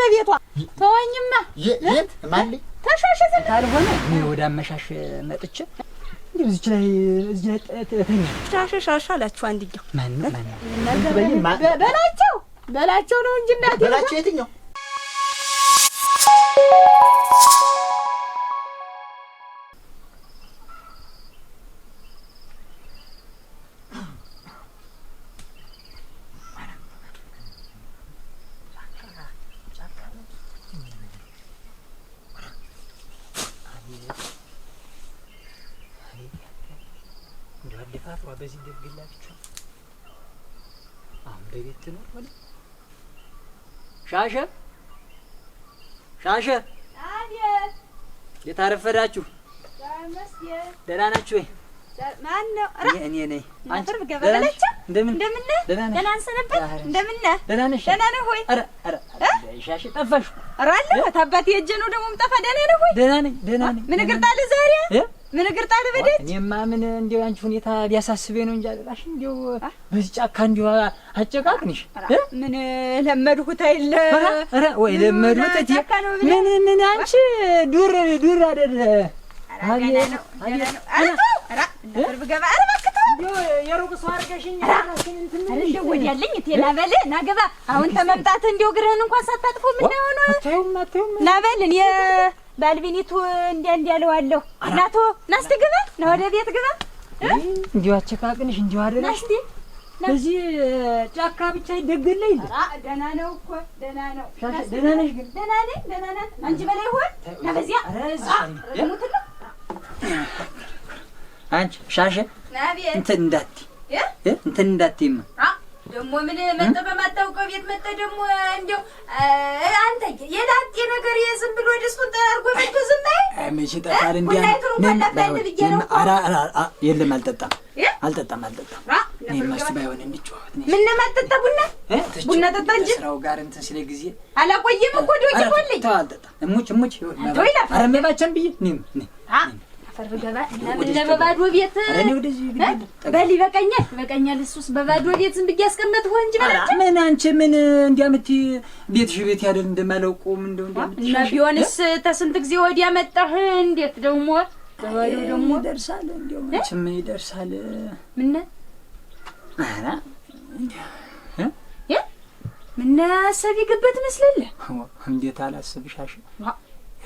ተቤቷ ተወኝማ የት ማን ተሻሸ ካልሆነ እኔ ወደ አመሻሽ መጥቼ እንዲሁ እዚች ላይ እዚህ ላይ ተኛ ሻሸ ሻሻ አላችሁ አንድየው ማን ማነው በላቸው በላቸው ነው እንጂ እናቴ በላቸው የትኛው ሻሸ ሻሸ፣ የታረፈዳችሁ ደህና ናችሁ ወይ? ማነው? እኔ ነኝ። እንደምን ነህ? ደህና እንደምን ነህ? ደህና ነህ ወይ? ጠፋሽ? ደግሞ የምጠፋ። ደህና ነህ ነኝ፣ ምን እግር ጣልህ ዛሬ ምን እግር ጣል በደት እኔማ ምን እንደው ያንቺ ሁኔታ ቢያሳስበኝ ነው እንጂ አልቃሽ እንደው በዚህ ጫካ እንደው አጨቃቅንሽ ምን ለመድሁት አይደለ ኧረ ወይ ለመድሁት እቴ ምን ምን አንቺ ዱር ዱር አይደለ ገባ እንደው ናገባ አሁን ተመምጣትህ እንደው እግርህን እንኳን ሳታጥፎ ምን ነው ነው አታዩም አታዩም ናበል እኔ ባልቢኒቱ እንዲያ እንዲያለዋለሁ እናቶ ናስቲ ግባ ና ወደ ቤት ግባ። እንዲሁ አቸካቅንሽ እንዲሁ አደለ ናስቲ። በዚህ ጫካ ብቻ ይደገለ ይል ደህና ነው እኮ ደህና ነው። ደህና ነሽ ግን ደህና ነኝ ደህና ናት። አንቺ በላይ ሆን ና በዚያ ሙትለ አንቺ ሻሸ እንትን እንዳትዪ እንትን እንዳትዪማ ደግሞ ምን መጣ በማታውቀው ቤት መጣ። ደግሞ እንደው አንተ የላጤ ነገር የዝም ብሎ ደስኩን ተርጎ መጥቶ ዝም ባይ ምን ሲጠፋል እንዴ? የለም አልጠጣም፣ አልጠጣም፣ አልጠጣም። እኔማ እሱ ባይሆን እንጫወት። ምን ለማጠጣ ቡና ቡና ጠጣ እንጂ ስራው ጋር እንትን ስለ ጊዜ አላቆየም እኮ ዶቂ ቆልኝ። ተው አልጠጣም። እሙች እሙች ዶይላ አረመባቸን ብዬ ኒም ኒ ሰፈር ብገባ ለምን ለበባዶ ቤት በል ይበቃኛል፣ ይበቃኛል። እሱስ በባዶ ቤት ዝም ብዬሽ አስቀመጥኩህ እንጂ በላቸው። ምን አንቺ ምን እንዲያምት ቤትሽ ቤት ያደል እንደማለውቁ ምን እንደው እና ቢሆንስ ተስንት ጊዜ ወዲያ መጣህ። እንዴት ደግሞ በባዶ ደግሞ ይደርሳል፣ እንደው ምን ይደርሳል። ምን ኧረ ምን አሰብ ይገበት መስለለ እንዴት አላስብሻሽ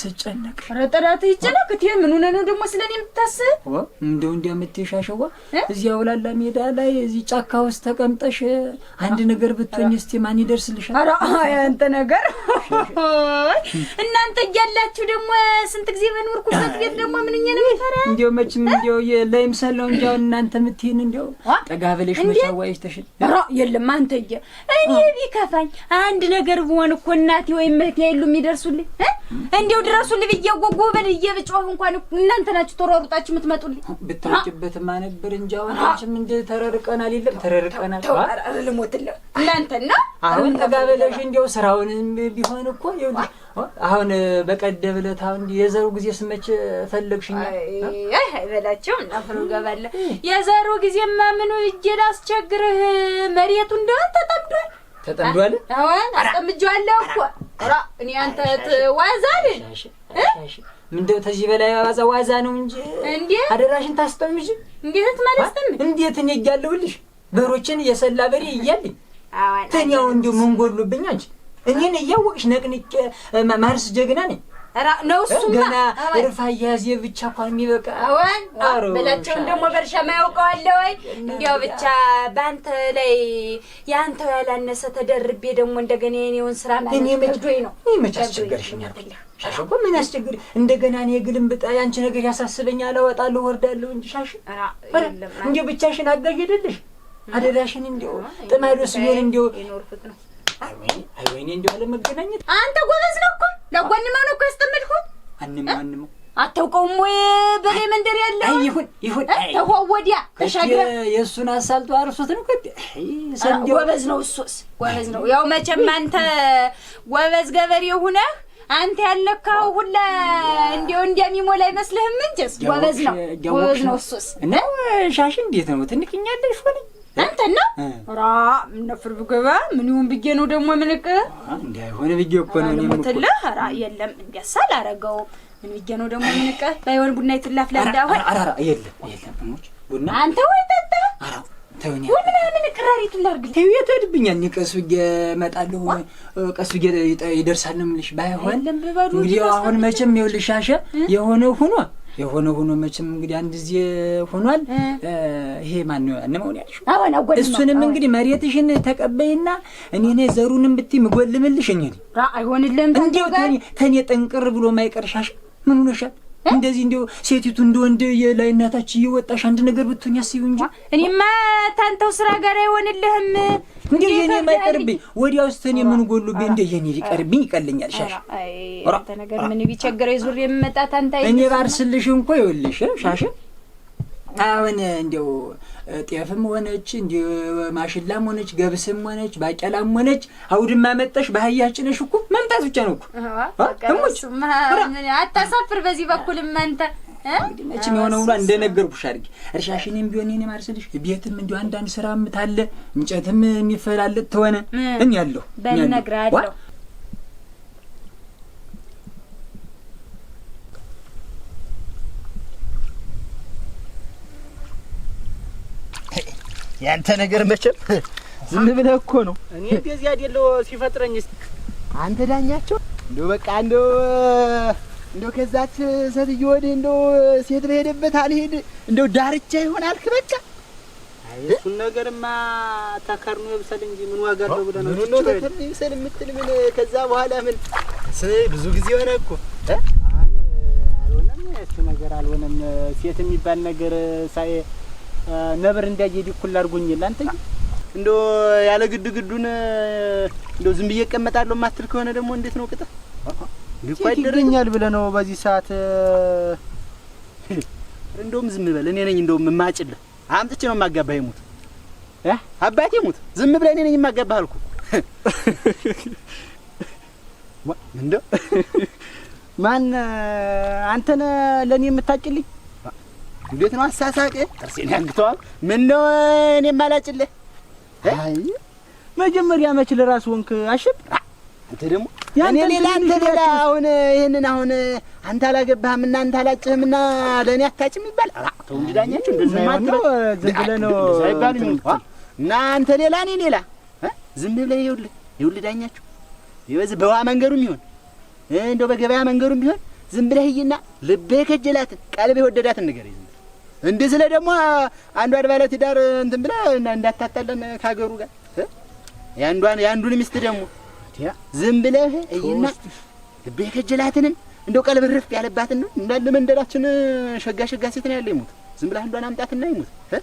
ስጨነቅ ኧረ ጠላት ይጨነቅ። እቴ ምን ሆነህ ነው ደግሞ ስለ እኔ የምታስብ? እንደው እንዲያምትሽ አሸዋ እዚህ አውላላ ሜዳ ላይ እዚህ ጫካ ውስጥ ተቀምጠሽ አንድ ነገር ብትሆኝ እስቲ ማን ይደርስልሻል? ኧረ ያንተ ነገር እናንተ እያላችሁ ደግሞ ስንት ጊዜ በኖርኩበት ቤት ደግሞ ምንኛ ነው የሚፈራ። እንዲያው መቼም እንዲያው ለይምሰል እንዲያው እናንተ የምትይን እንዲያው ጠጋ ብለሽ መሻዋይሽ ተሽል ኧረ የለም አንተዬ፣ እኔ ቢከፋኝ አንድ ነገር ብሆን እኮ እናቴ ወይም እህቴ የሉም የሚደርሱልኝ እንዲያው ድረሱልኝ ብዬ ጎጎበል እየብጮህ እንኳን እናንተ ናችሁ ተሯሩጣችሁ የምትመጡልኝ። ብታውቂበትማ ነበር እንጂ አሁን አንቺም እንደ ተረርቀናል። የለም ተረርቀናል። ልሞትልህ እናንተና አሁን ተጋበለሽ እንዲያው ስራውንም ቢሆን እኮ አሁን በቀደም ዕለት አሁን የዘሩ ጊዜ ስመች ፈለግሽኛል አይበላቸው እና ፍሮ ገባለ የዘሩ ጊዜማ ምኑ እጄ ላስቸግርህ መሬቱ እንደሆን ተጠምዷል ተጠምዷል። አሁን አስጠምጄዋለሁ እኮ ኧረ እኔ አንተ ዋዛ ነኝ። ምንድን ተዚህ በላይ ዋዛ ዋዛ ነው እንጂ እንዴ አደራሽን ታስጠምጂ። እንዴት ማለስተም እንዴት እኔ እያለሁልሽ በሮችን የሰላ በሬ እያለኝ ተኛው እንዲሁ ምን ጎሎብኝ እንጂ እኔን እያወቅሽ ነቅንቄ ማርስ ጀግና ነኝ ነው እሱማ። እርፍ አያያዝ የሚበቃ ደግሞ ወይ? እንዲያው ብቻ በአንተ ላይ የአንተው ያላነሰ ተደርቤ ደግሞ እንደገና የእኔውን ስራ ዶይ ነው መች ሻሽ እኮ ምን ያስቸግር እንደገና እኔ ግልም ብጣ ያንቺ ነገር ያሳስበኛል። ወርዳለሁ እንጂ ሻሽ ብቻሽን አጋዥ አይደለሽ። አደራሽን አለመገናኘት አንተ ጎበዝ ነው እኮ ለጓንማ ነው እኮ ያስጠመድኩት። ማንም ማንም አታውቀውም ወይ? በሬ መንደር ያለ ይሁን ይሁን ተወወዲያ ተሻግረ የእሱን አሳልጦ አርሶት ነው ከድ ጎበዝ ነው። እሱስ ጎበዝ ነው። ያው መቼም አንተ ጎበዝ ገበሬ ሁነህ አንተ ያለካው ሁላ እንዲው እንደሚሞላ አይመስልህም እንጂ ጎበዝ ነው። ጎበዝ ነው እሱስ እና ሻሽ እንዴት ነው ትንቅኛለሽ ሆነኝ እንትና ራ ነፍር ብገባ ምን ይሁን ብዬ ነው ደግሞ ምንቅ እንዳይሆን ብዬ እኮ ነው እኔም ራ የለም እንዲያሳ ላረገው ምን ብዬ ነው ደግሞ ምንቅ ባይሆን ቡና ይትላፍ ላይ እንዳይሆን የለም የለም ቡና አንተ ወይ ጠጣ ኧረ ቀስ ይደርሳል ነው የምልሽ ባይሆን እንግዲህ አሁን መቼም ይኸውልሽ ሻሸ የሆነ ሁኖ የሆነ ሆኖ መቼም እንግዲህ አንድ ጊዜ ሆኗል። ይሄ ማን ነው አንመውን መሆን አሁን እሱንም እንግዲህ መሬትሽን ተቀበይና እኔ ነኝ ዘሩንም ብትይ ምጎልምልሽ እኔ ነኝ። አይሆንልም። እንዴው ተኔ ጠንቅር ብሎ ማይቀርሻሽ ምን ሆነሻል? እንደዚህ እንዲሁ ሴቲቱ እንደ ወንድ የላይናታች እናታች እየወጣሽ አንድ ነገር ብትሆኝ አስቢ እንጂ። እኔማ ታንተው ስራ ጋር አይሆንልህም። እንደ የኔ ማይቀርብኝ ወዲያ ውስጥ እኔ ምን ጎሉብኝ? እንደ የኔ ሊቀርብኝ ይቀልኛል። ሻሽ ነገር ምን ቢቸግረው ዙር የምመጣ ታንታ እኔ ባርስልሽ እንኳ ይኸውልሽ ሻሽን አሁን እንዲው ጤፍም ሆነች እንዲ ማሽላም ሆነች ገብስም ሆነች ባቄላም ሆነች አውድማ መጠሽ ባህያችን ጭነሽ እኮ መምጣት ብቻ ነው እኮ አታሳፍር። በዚህ በኩልም አንተ መቼም የሆነ ሁሉ እንደነገርኩሽ አድርጊ። እርሻሽንም ቢሆን እኔ ማርሰልሽ ቤትም እንዲሁ አንዳንድ ስራም ታለ እንጨትም የሚፈላለጥ ተሆነ እኔ ያለሁ በነግራለሁ ያንተ ነገር መቼም ዝም ብለህ እኮ ነው። እኔ እንደዚህ አይደለው ሲፈጥረኝ አንተ ዳኛቸው እንደው በቃ እንደው እንደው ከዛች ሴትዮ ወዲህ እንደው ሴት በሄደበት አልሄድ እንደው ዳርቻ ይሆን አልክ። በቃ እሱን ነገርማ ተከርኖ ይብሰል እንጂ ምን ዋጋ አለው ብለህ ነው። ምን ተከርኖ ይብሰል የምትል ምን? ከዛ በኋላ ምን ብዙ ጊዜ ሆነ እኮ አልሆነም፣ እሱ ነገር አልሆነም። ሴት የሚባል ነገር ሳይ ነብር እንዳየድ እኩል አድርጎኝ የለ አንተ እንዶ ያለ ግድ ግዱን እንዶ ዝም ብዬ እቀመጣለሁ ማትል ከሆነ ደግሞ እንዴት ነው ቅጥህ ሊቋይ ይገኛል ብለህ ነው በዚህ ሰዓት? እንደውም ዝም በል እኔ ነኝ እንደውም ማጭል አምጥቼ ነው የማጋባህ። ይሙት አባቴ ሙት ዝም ብለህ እኔ ነኝ የማጋባህ አልኩ። እንደው ማን አንተን ለእኔ የምታጭልኝ? እንዴት ነው አሳሳቄ? ጥርሴን ያንግተዋል። ምን ነው እኔ ማላጭልህ? አይ መጀመሪያ መች ለራስ ወንክ አሽብ አንተ ደግሞ እኔ ሌላ አንተ ሌላ። አሁን ይሄንን አሁን አንተ አላገባህም እና አንተ አላጭህም እና ለእኔ አታጭም ይባላል። ተው እንጂ ዳኛችሁ፣ እንደዚህ ማጥሮ ዝም ብለህ ነው አይባልም። እና አንተ ሌላ እኔ ሌላ ዝም ብለህ ይኸውልህ፣ ይኸውልህ ዳኛችሁ፣ በዚህ በዋ መንገዱም ይሁን እንደው በገበያ መንገዱም ቢሆን ዝም ብለህ ይና ልቤ ከጀላትን ቀልቤ ወደዳትን ንገረኝ እንዲህ ስለ ደግሞ አንዷን ባለ ትዳር እንትን ብላ እንዳታጣለን ከሀገሩ ጋር ያንዷን ያንዱን ሚስት ደግሞ ዝም ብለህ እይና ልቤ የከጀላትንን እንደው ቀልብ ርፍ ያለባትን ነው እንዳለ መንደራችን ሸጋ ሸጋ ሴት ነው ያለ ይሙት ዝም ብለህ አንዷን አምጣትና ይሙት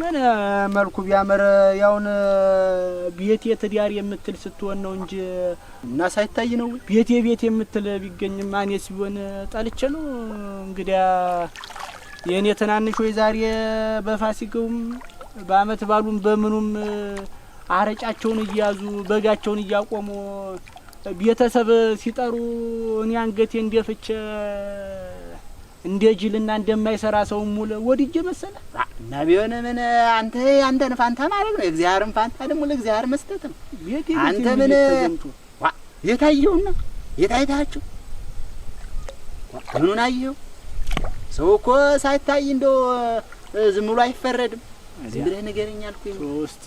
ምን መልኩ ቢያምር ያውን ቤቴ ትዳር የምትል ስትሆን ነው እንጂ እና ሳይታይ ነው ቤቴ ቤት የምትል ቢገኝም እኔስ ቢሆን ጠልቼ ነው እንግዲያ የእኔ ትናንሽ ወይ ዛሬ በፋሲካውም በአመት ባሉም በምኑም አረጫቸውን እየያዙ በጋቸውን እያቆሙ ቤተሰብ ሲጠሩ እኔ አንገቴ እንደፍቼ እንደ ጅልና እንደማይሰራ ሰው ሙለ ወድጄ መሰለ እና ቢሆን ምን አንተ አንተን ፋንታ ማድረግ ነው። የእግዚአብሔርን ፋንታ ደግሞ ለእግዚአብሔር መስጠት ነው። አንተ ምን የታየውና የታይታችሁ ምኑን አየው ሰው እኮ ሳይታይ እንደው ዝም ብሎ አይፈረድም። ዝም ብለህ ንገረኝ አልኩኝ። እስቲ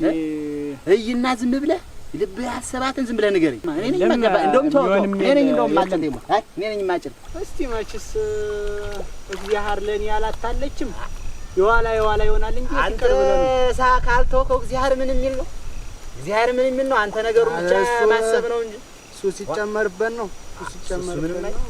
እይና ዝም ብለህ ልብ ያሰባትን ዝም ብለህ ንገረኝ። እኔ ነኝ የማገባ እንደውም ተወው፣ እኔ ነኝ እንደውም ማጨት ይሞ አይ እኔ ነኝ ማጨት። እስቲ መችስ እግዚአብሔር ለእኔ አላታለችም። የኋላ የኋላ ይሆናል እንጂ አንተ ሳ ካልተወከው እግዚአብሔር ምን የሚል ነው? እግዚአብሔር ምን የሚል ነው? አንተ ነገሩ ብቻ ማሰብ ነው እንጂ እሱ ሲጨመርበት ነው እሱ ሲጨመርበት ነው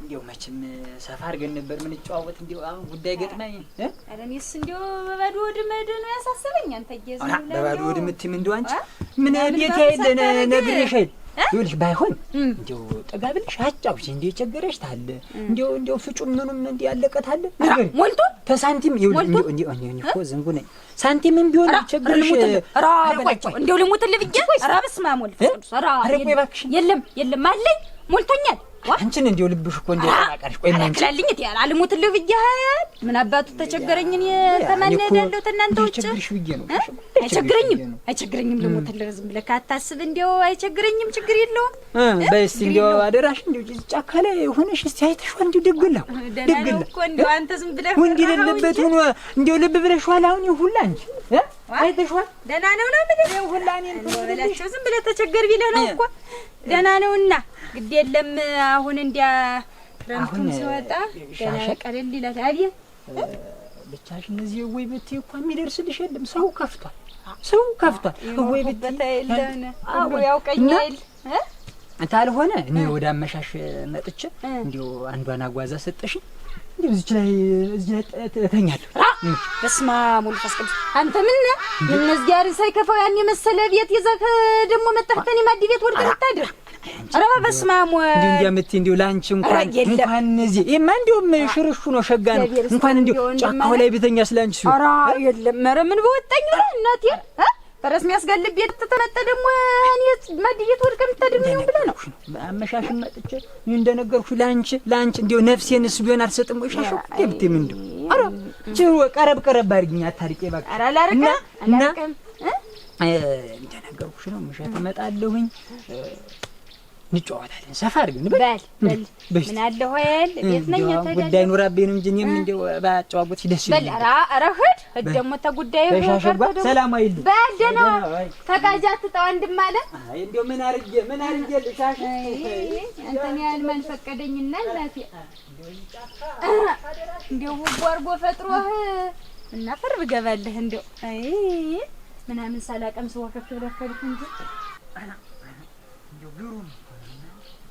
እንዲያው መቼም ሰፋ አድርገን ነበር ምን የምንጨዋወት። እንዲያው አሁን ጉዳይ ገጥመኝ። ኧረ እኔስ እንዲያው በባዶ ወድ መድ ነው ያሳሰበኝ። አንተ ነው በባዶ ወድ ምትም እንዲያው አንቺ ምን ቤት ያይለን ነግሬሽ አይደል? ይኸውልሽ ባይሆን እንዲያው ጠጋ ብለሽ አጫውሽ እንደ የቸገረሽ ታለ እንዲያው እንዲያው ፍጩም ምኑም እንዲህ ያለቀ ታለ ነገር ሞልቶ ተሳንቲም ይኸውልሽ እንዲያው እኔ እኮ ዝንጉ ነኝ ሳንቲምም ቢሆን ቸገረሽ ራ በላቸው እንዲያው ልሙትልህ ብዬሽ ራ በስመ አብ ወልድ ራ ኧረ የለም የለም አለኝ ሞልቶኛል አንቺን እንዲሁ ልብሽ እኮ እንዲሁ ተናቀርሽ። ቆይ ምን ትላልኝ? እቴ አልሞትልህ ብያሃል። ምን አባቱ ተቸገረኝ። እኔ ተማን ሄዳለሁ። ተናንተ ውጭ አይቸግረኝም፣ አይቸግረኝም። ልሞትልህ ዝም ብለህ ካታስብ እንዲሁ አይቸግረኝም። ችግር የለውም። በይ እስኪ እንዲሁ አደራሽ እንዲሁ ጫካ ላይ ሆነሽ እስኪ አይተሽዋል። አንተ ዝም ብለህ ወንድ የሌለበት ሆኖ እንዲሁ ልብ ብለሽዋል። አሁን ይሁላ እንጂ አይተሽዋል? ደህና ነው ነው የምልሽ። ይኸው ሁላ እኔን ብለሽ ዝም ብለህ ተቸገር ቢለህ ነው እኮ ደህና ነውና፣ ግድ የለም አሁን እንዲያ ክረምቱም ሲወጣ ገና ቀለል ይላል። አቤት ብቻሽን እዚህ ወይ ብትይ እኮ የሚደርስልሽ የለም። ሰው ከፍቷል፣ ሰው ከፍቷል። ወይ ብታይ የለነ አዎ ያውቀኛል ታልሆነ እኔ ወደ አመሻሽ መጥቼ እንዲሁ አንዷን አጓዛ ሰጠሽኝ እንዴ እዚች ላይ እዚህ ላይ ተኛለሁ። በስመ አብ ወልድ ወመንፈስ ቅዱስ። አንተ ምን ነህ? የመዝጊያሪ ሳይከፋው ያን የመሰለ ቤት ይዘህ ደግሞ መጣህ ከኔ ማዲ ቤት ወድቀህ ልታድር? አረ በስመ አብ ወልድ እንዴ ምት እንዲው ላንቺ እንኳን እንኳን እዚህ ይሄማ እንዲያውም ሽርሹ ነው ሸጋ ነው እንኳን እንዲው ጫካው ላይ ቤተኛ ስላንቺ ሲሆን አረ የለም ኧረ ምን በወጣኝ ነው እናቴ ፈረስ የሚያስጋልብ ቤት ተመጣ ደግሞ እኔ ማድየት ወድቀ የምታድርሚው ብለህ ነው። አመሻሽም መጥቼ እኔ እንደነገርኩ ለአንቺ ለአንቺ እንዲያው ነፍሴን እሱ ቢሆን አልሰጥም ወይ ሻሻው ደብቴ ምን እንደው ችሮ ቀረብ ቀረብ አድርጊኝ አታርቄ እባክህ። ኧረ አላርቅም እና እንደነገርኩሽ ነው መሻ እመጣለሁኝ እንጨዋወታለን ሰፋ አድርገን በል በል። ምን አለ ሆይል ቤት ነኝ ጉዳይ ኑራብኝ ነው እንጂ እኔም እንደው ባጫዋወት ደስ ይላል። በል ኧረ ሂድ ሂድ ደግሞ በል ደህና ትጠው እንደው ምን ምን ልሻሽ እንትን ያህል ማን ፈቀደኝና እናቴ እንደው ፈጥሮህ እና እንደው አይ ምናምን እንጂ ግሩም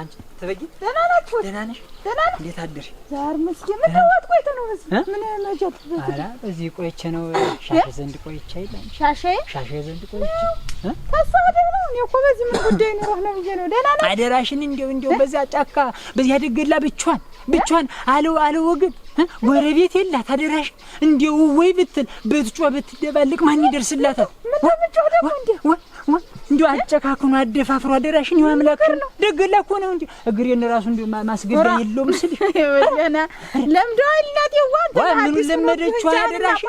አንቺ ትበጊ ደህና ናችሁ? ደህና ነሽ? ደህና ነሽ? እንዴት አደርሽ? ዛር መስኪን ምን ተዋት ቆይተ ነው መስኪ ምን መጀት አራ እዚህ ቆይቼ ነው ሻሽ ዘንድ ቆይቼ አይደለም ሻሽ ሻሽ ዘንድ ቆይቼ ታሳ ደህና ነው። እኮ በዚህ ምን ጉዳይ ኑሮህ ነው ብዬ ነው። ደህና ነሽ? አደራሽን እንደው እንደው በዚያ ጫካ በዚያ ደገላ ብቻዋን ብቻዋን አለው አለው ወገን ጎረቤት የላት አደራሽ እንደው ወይ ብትል ብትጮህ ብትደባልቅ ማን ይደርስላታል? ምን ነው ብቻው ደግሞ እንዴ እንዲሁ አጨካክኖ አደፋፍሮ አደራሽን ይኸው አምላክ ነው ደግላ እኮ ነው። እንዲሁ እግሬን ራሱ እንዲሁ ማስገቢያ የለውም። ስል ወለና ለምደዋል። እናት ይዋንተ ምን ለመደችው አደራሽ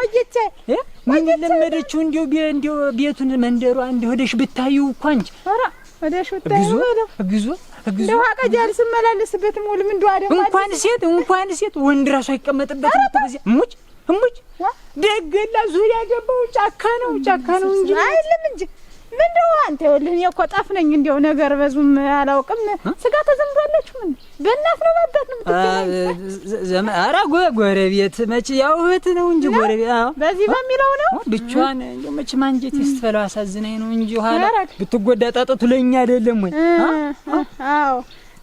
ምን ለመደችው እንዲሁ እንዲሁ ቤቱን መንደሯ እንዲሁ ወደሽ ብታዩ እኮ አንቺ ወደሽ ብታዩ ግዞ ግዞ ቀጃል ስመላለስበት ሙሉ ምን ዱአ ደግሞ እንኳን ሴት እንኳን ሴት ወንድ ራሱ አይቀመጥበት በዚህ ሙጭ ሙጭ ደግላ ዙሪያ ገባው ጫካ ነው ጫካ ነው እንጂ አይልም እንጂ ምንድው አንተ ይኸውልህ፣ እኔ እኮ ጠፍ ነኝ። እንዲያው ነገር በዙም አላውቅም። ስጋ ተዘምዷለች። ምን በእናት ነው ባባት ነው ምትገኝ? ኧረ ጎረቤት መቼ ያው እህት ነው እንጂ ጎረቤት። አዎ በዚህ በሚለው ነው ብቻዋን እንዲያው መቼ ማንጀት ይስተፈለው አሳዝናኝ ነው እንጂ ኋላ ብትጎዳ ጣጣቱ ለኛ አይደለም ወይ? አዎ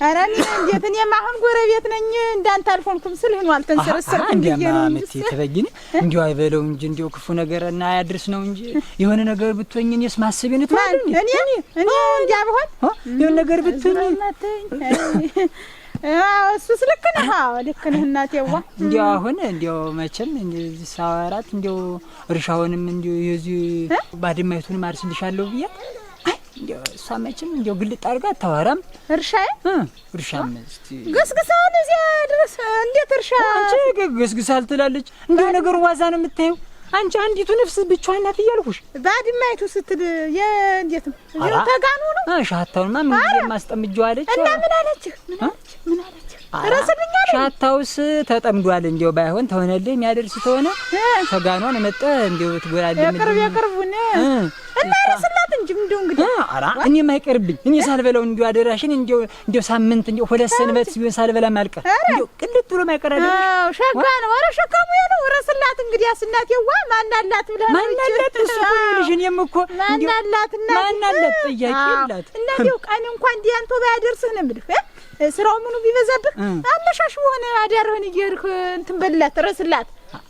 ኧረ እኔ እንዴት እኔማ አሁን ጎረቤት ነኝ እንዳንተ አልሆንኩም ስልህ ነው አልተንሰረሰርኩም ብዬሽ ነው እንጂ እምትይ አይበለው እንጂ እንዲያው ክፉ ነገር እና አያድርስ ነው እንጂ የሆነ ነገር ብትሆኝ እኔስ ማሰቤ ነው እኔ እኔ እንዲያ ብሆን የሆነ ነገር ብትሆኝ እሱስ ልክ ነህ፣ ልክ ነህ እናቴ። እንዲያው አሁን እንዲያው መቼም እንደዚህ ሳወራት እንዲያው እርሻውንም እንዲያው የዚህ ባድማይቱንም አርስልሻለሁ ብያት እሷ መቼም እንዲያው ግልጥ አድርጋ አታወራም። እርሻ እርሻ ገስግሳን እዚያ ድረስ እንዴት እርሻ አንቺ ገስግሳል ትላለች። እንዲያው ነገሩን ዋዛ ነው የምታየው። አንቺ አንዲቱ ነፍስ ብቻዋን ናት እያልኩሽ ባድማይቱ ስትል የእንዴት ነው ተጋኑ ነው ሻታውን ማ ምን ማስጠምጀው አለች እና ምን አለች ምን አለች ምን ሻታውስ ተጠምዷል። እንዲያው ባይሆን ተሆነልህ የሚያደርስ ተሆነ ተጋኗን መጠ እንዲያው ትጎላለህ። የቅርብ የቅርቡን እና ረስላት እንጂ እንደው እንግዲህ ኧረ እኔ ማይቀርብኝ እኔ ሳልበላው እንደው አደራሽን እንደው እንደው ሳምንት እንደው ሁለት ሰንበት ቢሆን ሳልበላ ማልቀር እንደው ቅልጥ ብሎ ማይቀር አይደል? አዎ ሸጋ ነው። ኧረ ሸካሙ ያለው ረስላት እንግዲህ አስናት የዋ ማናላት ብለህ ማናላት እሱ ልጅ እኔም እኮ ማናላት እና ማናላት ጥያቄ ይላት እና እንደው ቀን እንኳን እንዲህ አንተ ባያደርስህ ነው የምልህ ስራው ምኑ ቢበዛብህ አመሻሽ ሆነ አዳርህን እየሄድክ እንትን በላት ረስላት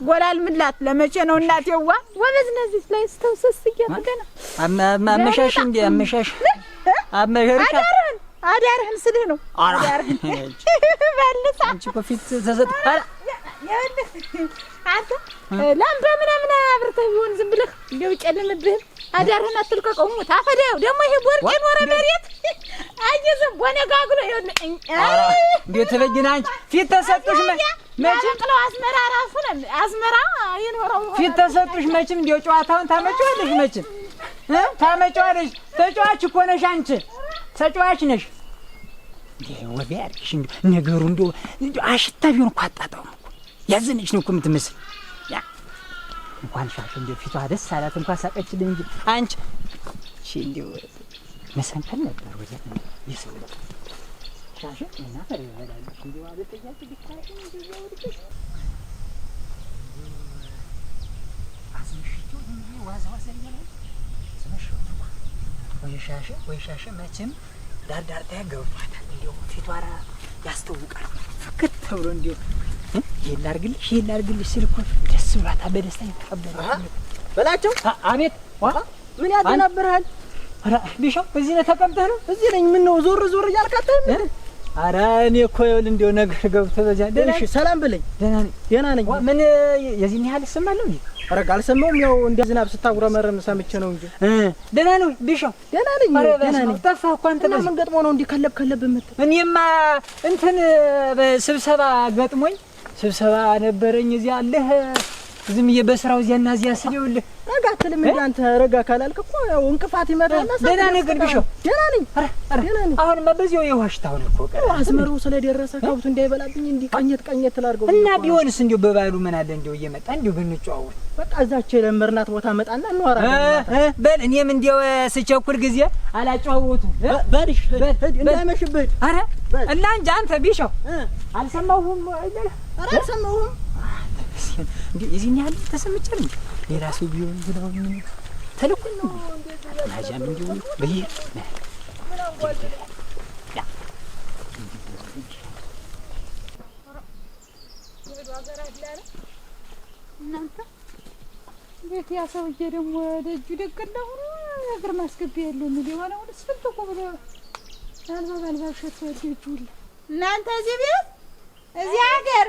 ጎላል ምላት ለመቼ ነው እናት የዋ ወበዝ ነዚህ ላይ ስተውሰስ ይያፈገና አመሻሽ እንዴ አመሻሽ አመሻሽ አዳርህን ስልህ ነው አዳርህን ባልሳ አንቺ ኮፊት ተሰጥቷል አንተ ላምባ ምናምን አብርተህ ቢሆን ዝም ብለህ እንደው ጨልምብህም አዳርህን አትልቀቀው። ሙት አፈዳዩ ደግሞ ይሄ ወርቅ ኖረ መሬት አየዝም ቦነጋግሎ እንዴት በይና አንቺ ፊት ተሰጥሽ መቼም ጥለው አስመራ ራሱ ነው አስመራ ይኖረው ፊት ተሰጥሽ መቼም እንዲው ጨዋታውን ታመጪዋለሽ መቼም ታመጪዋለሽ። ተጫዋች እኮ ነሽ አንቺ ተጫዋች ነሽ። ወዲያ ያርግሽ ነገሩ እንዲ አሽታ ቢሆን እኮ አጣጣሙ ያዘነች ነው እኮ የምትመስል። እንኳን ሻሽ እንደ ፊቷ ደስ አላት፣ እንኳን ሳቀችልኝ እንጂ አንቺ እሺ፣ መሰንከል ነበር ወደ ሻሽ ወይ ሻሽ መቼም ዳር ዳር ታ ፊቷ ያስታውቃል፣ ፍክት ተብሎ እንዲሁ ይሄን ላድርግልሽ ይሄን ላድርግልሽ ስል እኮ ደስ ብሏታ በደስታ ይቀበሉ በላቸው። አቤት ምን ያደናብርሃል? ኧረ ቢሻው እዚህ ነው ተቀምጠህ ነው? እዚህ ነኝ። ምን ነው ዞር ዞር እያልካተህ? ኧረ እኔ እኮ ይኸውልህ እንደው ነገር ገብቶ በዚያ ሰላም ብለኝ። ደህና ነኝ። ነኝ። ምን የዚህን ያህል እሰማለሁ እንዴ? ኧረ አልሰማሁም። ያው እንደ ዝናብ ስታጉረመርም ሰምቼ ነው እንጂ ደህና ነው። ቢሻው ደህና ነኝ። ደህና ነኝ። ጠፋህ እኮ አንተ። ምን ገጥሞ ነው እንዲህ ከለብ ከለብ የምትል? እኔማ እንትን ስብሰባ ገጥሞኝ ስብሰባ ነበረኝ እዚያ አለህ ዝም ብዬ በስራው እዚያና እዚያ ስል ይኸውልህ፣ ረጋ አትልም እንደ አንተ ረጋ ካላልክ እኮ ያው እንቅፋት ይመጣል። ደህና ነህ ግን ቢሾ? ደህና ነኝ፣ ደህና ነኝ። አሁንማ በዚያው የዋሽታ አሁን እኮ ቀረ አዝመሩ ስለደረሰ ከብቱ እንዳይበላብኝ እንዲህ ቀኘት ቀኘት ትላድርገው እና ቢሆንስ እንዲሁ በባሉ ምን አለ እንዲሁ እየመጣ እንዲሁ ብንጨዋወት በቃ እዛቸው የለመድናት ቦታ መጣና እንዋራለን። በል እኔም እንዲያው ስቸኩል ጊዜ አላጨዋወቱም። በል እሺ፣ በል እንዳይመሽብህ። ኧረ እና እንጃ አንተ ቢሻው አልሰማሁም፣ አልሰማሁም ራሴን እንዲ የዚህን ያህል ተሰምቻል እንዲ የራሴ ቢሆን ብለው ተልኩን ነው ማጃም እንዲሆን በይ እናንተ ቤት ያ ሰውዬ ደግሞ ደጁ ደግ እንደሆነ እግር ማስገቢያ የለውም። የሆነ ሁሉ ስፍልት ብሎ አልባ ባልባ ሸቶ እናንተ እዚህ ቤት እዚህ ሀገር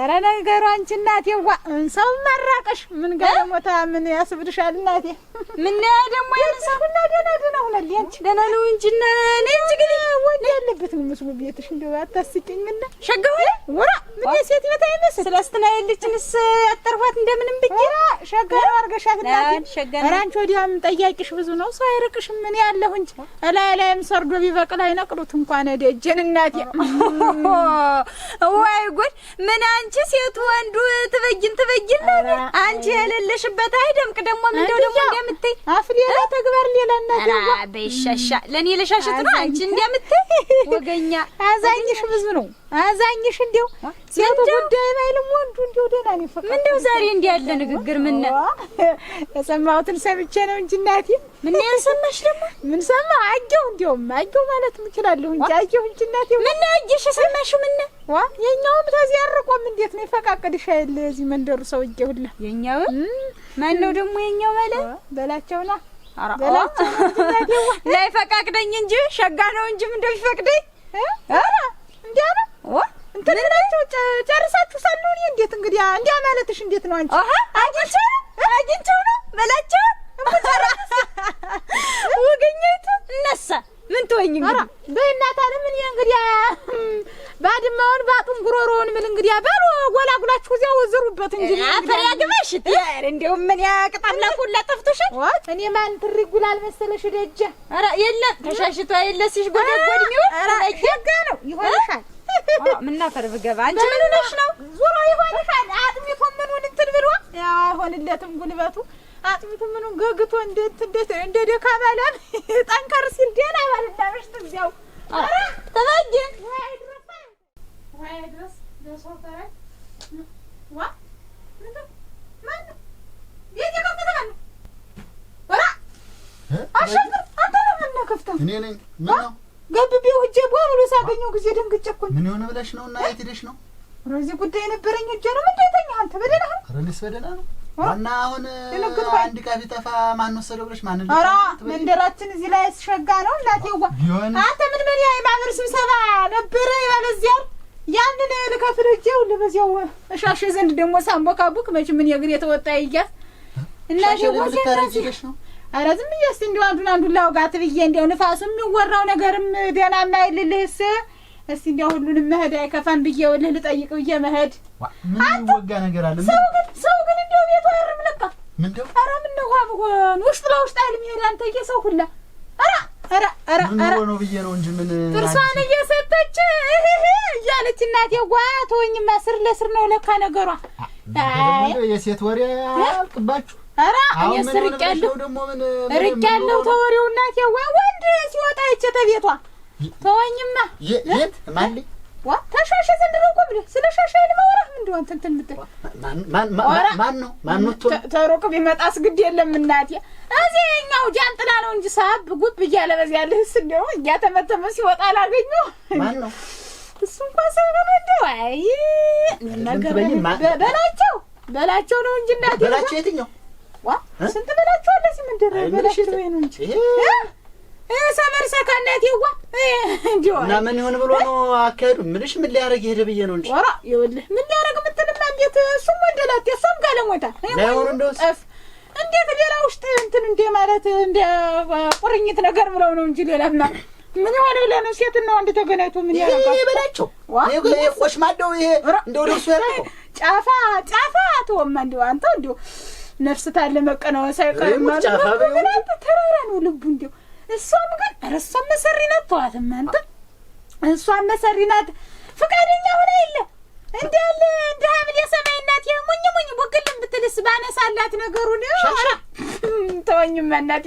ኧረ ነገሩ አንቺ እናቴዋ ሰው ማራቀሽ ምን ጋለሞታ ምን ያስብልሻል? እናቴ ምን ነው ደግሞ ያንሳው ደህና ደህና ሁናል። ያንቺ ደህና ነው እንጂ እና እኔ ወንድ ያለበት ነው መስሎ ቤትሽ እንደው አታስቂኝ። እና ወራ ምን ሴት ይመታ ይመስል ስለስትና ያለችንስ አጠርፏት እንደምንም ብዬ ሸጋው አርገሻት እናቴ። ኧረ አንቺ ወዲያም ጠያቂሽ ብዙ ነው ሰው አይርቅሽም። ምን ያለሁ እንጂ እላይ ላይም ሰርዶ ቢበቅል አይነቅሉት እንኳን ደጀን እናቴ ወይ ጉድ ምን አንቺ ሴቱ ወንዱ ትበይን ትበይን ነገር አንቺ የሌለሽበት አይደምቅ። ደግሞ ምንድነው ደግሞ እንደምትይ አፍ ሌላ ተግባር ሌላ ነገር በይሻሻ ለእኔ ለሻሸት ነው አንቺ እንደምትይ ወገኛ አዛኝሽ ብዙ ነው። አዛኝሽ እንዲው ሴቱ ጉዳይ ባይልም ወንዱ እንዲው ደህና ነው ፈቃድ ምንድነው ዛሬ እንዲህ ያለ ንግግር? ምን የሰማሁትን ሰምቼ ነው እንጂ እናቴ ምን ያልሰማሽ ደግሞ ምን ሰማ አየሁ። እንዲያውም አየሁ ማለት እችላለሁ እንጂ አየሁ እንጂ እናቴ ምን አየሽ? የሰማሽው ምን ዋ የኛውም ተዚህ ያርቆም እንዴት ነው ይፈቃቅድሽ አይደል? እዚህ መንደሩ ሰውዬ ሁላ የኛው ማን ነው ደግሞ የኛው ማለት በላቸውና በላቸው ላይ ፈቃቅደኝ እንጂ ሸጋ ነው እንጂ ምንድነው ይፈቅደኝ እንዴ እንትን ብላችሁ ጨርሳችሁ ሳሉ እኔ እንዴት እንግዲህ እንዲያ ማለትሽ እንዴት ነው አንቺ? አሃ አግኝቼው አግኝቼው ነው በላቸው ወገኘቱ እነሳ ምን ትወኝ እንግዲህ በእናታንም እኔ እንግዲህ ባድማውን ባጡን ጉሮሮውን ምን እንግዲህ በሉ ጎላጉላችሁ እዚያው ዝሩበት እንጂ አፈር ያግባሽ። ያር እንደው ምን ያቅጣላ ሁላ ጠፍቶሽ እኔ ማን ትሪጉላል መሰለሽ ደጀ ኧረ የለም ተሻሽቷ የለስሽ ጎደጎድሚው ኧረ ደጋ ነው ይሆንሻል ምናፈር ብገባ አንቺ ምን ሆነሽ ነው? ዙሮ ይሆንሻል። አጥሚቱ ምኑን እንትን ብሎ አይሆንለትም ጉልበቱ አጥሚቱ ምኑን ገግቶ እንዴት እንዴት እንደ ደካ ባላል ጠንከር ሲል ደህና ባል እንዳበሽ ትዚያው ኧረ ተበጅ ወይ ድረስ ወይ ድረስ ዋ ምን ማን የት የከፈተው ነው? ኧረ አሸብር አንተ ለምን የምናከፍተው እኔ ነኝ። ምን ነው ገብቤው ሂጄ ቧ ብሎ ሳገኘው ጊዜ ደንግጬ እኮ ምን የሆነ ብለሽ ነው? እና የት ሄደሽ ነው? ኧረ እዚህ ጉዳይ የነበረኝ ሂጄ ነው። ምንድን የተኛ አንተ በደህና ነው? ኧረ እኔስ በደህና ነው። ዋና አሁን አንድ ዕቃ ቢጠፋ ማን ወሰደው ብለሽ ማን? ኧረ መንደራችን እዚህ ላይ ያስሸጋ ነው እናቴ። ዋ አንተ ምን ምን ያ የማህበር ስብሰባ ነበረ ይባለዚያል ያንን ልከፍል ሂጄ ሁሉ በዚያው እሻሽ ዘንድ ደግሞ ሳምቦካ ቡክ መቼ ምን የእግር የተወጣ ይያዝ እናቴ ወሰደሽ ነው ኧረ ዝም ብዬ እስኪ እንዲሁ አንዱን አንዱን ላውጋት ብዬ እንዲያው ንፋሱ የሚወራው ነገርም ደህና የማይልልህስ እስቲ እንዲያው ሁሉንም መሄድ አይከፋን ብዬ ወልህ ልጠይቅ ብዬ መሄድ ወጋ ነገር አለ። ሰው ግን ሰው ግን እንዲያው ቤቱ አይርም ለካ ምንድነው? ምን ምነው ብሆን ውስጥ ለውስጥ አይልም ይሄድ አንተዬ ሰው ሁላ ኧረ ነው ብዬ ነው እንጂ ምን ጥርሷን እየሰጠች እያለች እናቴ ጓ ለስር ነው ለካ ነገሯ። የሴት ወሬ ኧረ እኔ ስርቄያለሁ ርቄያለሁ። ተወሪው እናቴ ዋ ወንድ ሲወጣ ይቼ ተቤቷ ተወኝማ። የት ማን ዋ ተሻሸ ዘንድሮ እኮ ብለህ ስለ ሻሸ ልማውራት ምን እንደሆነ እንትን የምትል ማን ነው? ማን ነው? ተሮቅ ቢመጣስ ግድ የለም እናቴ። እዚህ የእኛው ጃንጥላ ነው እንጂ ሳብ ጉብ እያለ በዚያ ልህስ እንደው እያተመተመ ሲወጣ አላገኘው ማን ነው እሱ እንኳን ሰው ነው እንደው አይ ነገር በላቸው በላቸው ነው እንጂ እናቴ በላቸው የትኛው ስንት ምንድን ነው በላችሁ ነው እንጂ ሰመር ይዋ እና ምን ይሁን ብሎ ነው አካሄዱ? ምንሽ ምን ሊያደርግ ሄደ ብዬ ነው እንጂ ወራ ይኸውልህ ምን ሊያደርግ የምትልማ እንዴት እሱም ወንደላት እሷም ጋለሞታ ሆኑ እንደው እንዴት ሌላ ውስጥ እንትን እንደ ማለት እንደ ቁርኝት ነገር ብለው ነው እንጂ ሌላ ምን የሆነ ብለህ ነው? ሴትና ወንድ ተገናኝቶ ምን ያደርጋል በላቸው። ቆሽማደው ይሄ እንደው ደስ ያለው ጫፋ ጫፋ ተወማ እንዲሁ አንተ እንዲሁ ነፍስ ታለ መቀናወስ አይቀርም። ተራራ ነው ልቡ እንዲያው። እሷም ግን ኧረ እሷም መሰሪ ናት። ተዋትም አንተ እሷም መሰሪ ናት። ፈቃደኛ ሆነ የለ እንዳለ ድሀብል የሰማይ እናት የሞኝ ሞኝ ቦግልን ብትልስ ባነሳላት ነገሩን ተወኝማ እናቴ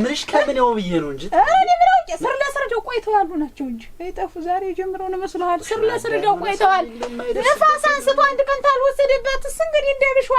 ምንሽ ከምን ው ብዬ ነው እንጂ እኔ ምን አውቄ። ስር ለስርደው ቆይተው ያሉ ናቸው እንጂ አይጠፉ። ዛሬ ጀምረው ነው መስሎሃል? ስር ለስርደው ቆይተዋል። ንፋስ አንስቶ አንድ ቀን ታልወሰደባትስ እንግዲህ እንደ ብሽዋ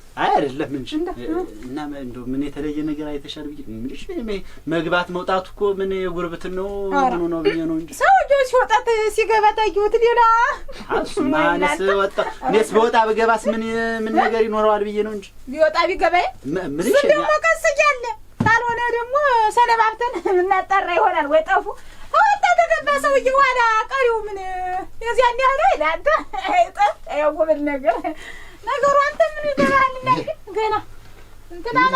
አይ አይደለም እንጂ እና እንደው ምን የተለየ ነገር አይተሻል ብዬ ምንሽ መግባት መውጣት እኮ ምን የጉርብትን ነው ሆኖ ነው ብዬ ነው እንጂ ሰው እንደው ሲወጣ ሲገባ ታየሁት ሌላ እሱማ እኔስ ወጣ እኔስ በወጣ በገባስ ምን ምን ነገር ይኖረዋል ብዬ ነው እንጂ ቢወጣ ቢገባ ምንሽ ደግሞ ቀስ እያለ ካልሆነ ደግሞ ሰነባብተን እናጣራ ይሆናል ወይ ጠፉ ወጣ ተገባ ሰውዬ ኋላ ቀሪው ምን የዚያን ያህል አይላንተ አይጠፍ ያው ጉብል ነገር ነገሩ አንተ ምን ገና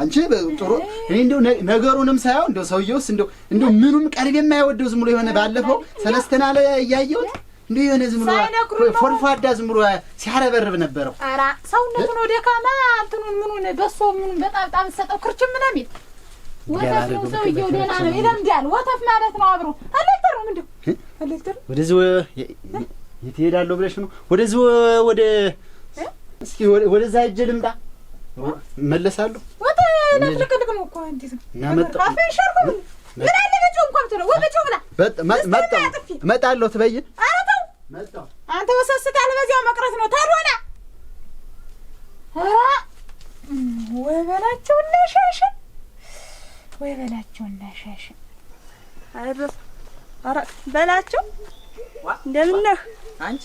አንቺ ጥሩ እኔ እንደው ነገሩንም ሳያው እንደው ሰውየውስ እንደው እንደው ምኑም ቀልብ የማይወደው ዝም ብሎ የሆነ ባለፈው ሰለስተና ላይ እያየሁት እንዲህ የሆነ ዝም ብሎ ፎርፋዳ ዝም ብሎ ሲያረበርብ ነበረው። ኧረ ሰውነቱን ወደ እንትኑን ምኑን በሶ ምኑን በጣም ሰጠው ወተፍ ነው። ደህና ነው ይለምዳል። ወተፍ ማለት ነው አብሮ ወደዚህ የት እሄዳለሁ ብለሽ ነው? ወደዚህ ወደ እስኪ ወደዛ ሂጅ ልምጣ፣ እመለሳለሁ። ወጣ ነው ነው ትበይን። አንተ ወሰስታል። በዚያው መቅረት ነው ታልሆነ ወይ በላቸው እና ወይ በላቸው እና አረ በላቸው እንደምን ነህ? አንቺ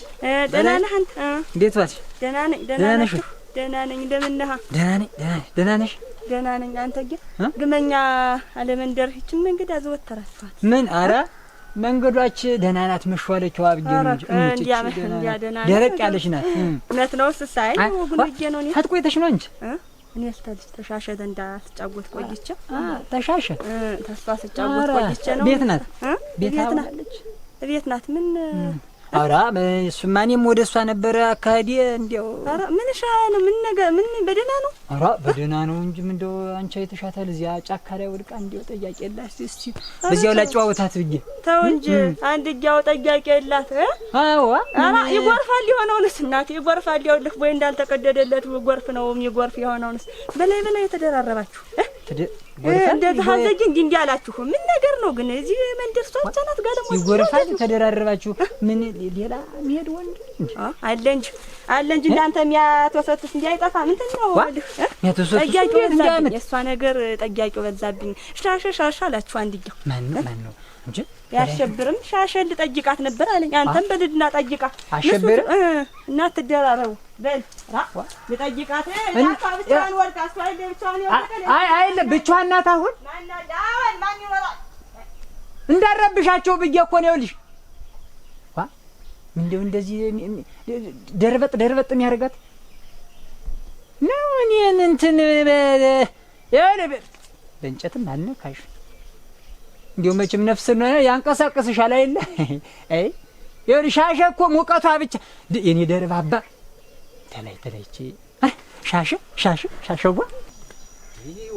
ደህና ነህ? አንተ እንዴት ዋልሽ? ደህና ነኝ። ደህና ነሽ? ደህና ነኝ። እንደምን ነህ? ደህና ነኝ። ደህና ነሽ? ደህና ነኝ። አንተ ግን ግመኛ አለመንደር ይችን መንገድ አዘወተራችኋል? ምን አረ መንገዷች ደህና ናት። መሽዋለች ደረቅ ያለች ናት። እውነት ነው። ስሳይ ጉንጌ ነው። ነው እንጂ እኔ ተሻሸ ተሻሸተ እንዳትጫወት ቆይቼ ተሻሸ ተስፋ ስጫወት ቆይቼ ነው። ቤት ናት ቤት ናት ቤት ናት ምን ኧረ እሱማ እኔም ወደ እሷ ነበረ አካሄዴ። እንዲያው ኧረ ምንሻ ነው? ምን ነገ ምን በደህና ነው? ኧረ በደህና ነው እንጂ ምን እንደው አንቺ አይተሻታል? እዚያ ጫካ ላይ ወድቃ እንዲያው ጠያቄ የላት እስቲ በዚያው ላጨዋወታት ብዬ ተው እንጂ አንድ እጃው ጠያቄ የላት። አዎ ኧረ ይጎርፋል የሆነውንስ እናቴ ይጎርፋል። ይኸውልህ ቦይ እንዳልተቀደደለት ጎርፍ ነው የሚጎርፍ የሆነውንስ በላይ በላይ የተደራረባችሁ እንደዚህ አዘጊ እንዲህ እንዲህ አላችሁ። ምን ነገር ነው ግን? እዚህ መንደር ሷቻ ናት ጋለሞች ይጎርፋል። ተደራረባችሁ። ምን ሌላ ወንድ አለ እንጂ አለ እንጂ እንዲህ አይጠፋ ምንድን ነው የእሷ ነገር? ጠያቂው በዛብኝ። ሻሸ ሻሻ አላችሁ አንድየው ያሸብርም ሻሸ ልጠይቃት ነበር አለኝ። አንተም በልድና ጠይቃ አሸብርም እና ትደራረቡ አይደለም ብቻዋን ናት። አሁን እንዳረብሻቸው ብዬ እኮ ነው። ይኸውልሽ እንደው እንደዚህ ደርበጥ ደርበጥ የሚያደርጋት ነው። እኔን እንትን በእንጨትም አልነካሽ። እንዲሁ መቼም ነፍስ ያንቀሳቅስሻል አይደለ? ይኸውልሽ ሻሸ እኮ ሙቀቷ ብቻ የኔ ደርባባ ተለይ ተለይቼ ሻሽ ሻሽ ሻሸቧ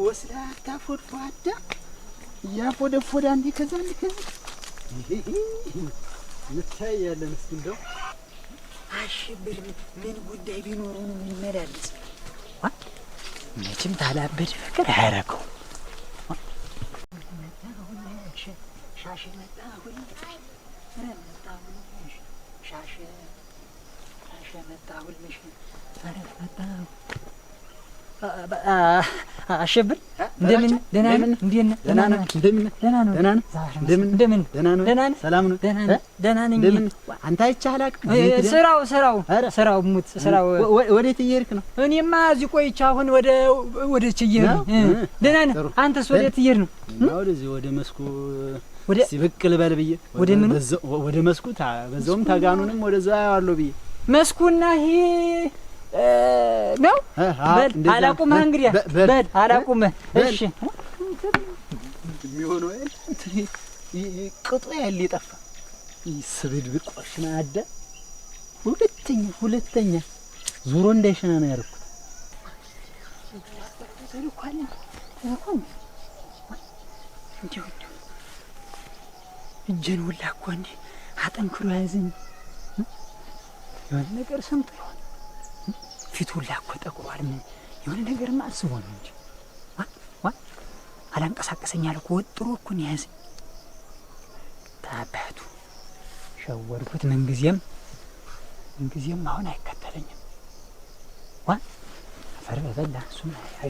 ወስዳ አታፎድፎ አዳ እያፎደፎዳ እንዲ ከዛ እንዲ ከዛ ምታይ ያለ ምስኪ እንደው አሽብር ምን ጉዳይ ቢኖሩ ነው የሚመላለስ መቼም ታላብድ ፍቅር አያረገው ሻሽ መጣ ሁሉ ረ መጣ ሻሽ ሻሽ መጣ ሁልምሽ አሸብር እንደምን ደህና ነህ? እንዴት ነህ? ደህና ነህ? እንደምን ደህና ነው? ደህና ነህ? እንደምን ደህና ነው? ደህና ነህ? ሰላም ነው? ደህና ነህ? ደህና ነኝ። እንደምን አንተ አይቼህ አላውቅም። ስራው ስራው ስራው ሙት ስራው። ወዴት እየሄድክ ነው? እኔማ እዚህ ቆይቼ አሁን ወደ ወደ ችዬ ነው። ደህና ነህ? አንተስ ወዴት እየሄድ ነው? ወደዚህ ወደ መስኩ ሲብቅ ልበል ብዬ ወደ ምኑ ወደ መስኩ በዛውም ተጋኑንም ወደዛ ያዋለሁ ብዬ መስኩና ይሄ ነው በል አላቁምህ። እንግዲህ በል አላቁምህ። እሺ የሚሆነው ቅጡ ያህል የጠፋ ስብድ ብቆሽና አዳ ሁለተኛ ሁለተኛ ዙሮ እንዳይሸና ነው ያደረኩት። እጄን ሁላ እኮ እንዲህ አጠንክሮ ያዘኝ። የሆነ ነገር ሰምቶ ይሆን ፊቱ ላኮ ጠቁሯል። ምን የሆነ ነገር አስቦ ነው እንጂ አላንቀሳቀሰኝ አልኩ። ወጥሮ እኮ ነው የያዘኝ። ታባቱ ሸወርኩት። ምንጊዜም ምንጊዜም አሁን አይከተለኝም። ዋ አፈር በበላ እሱም አይ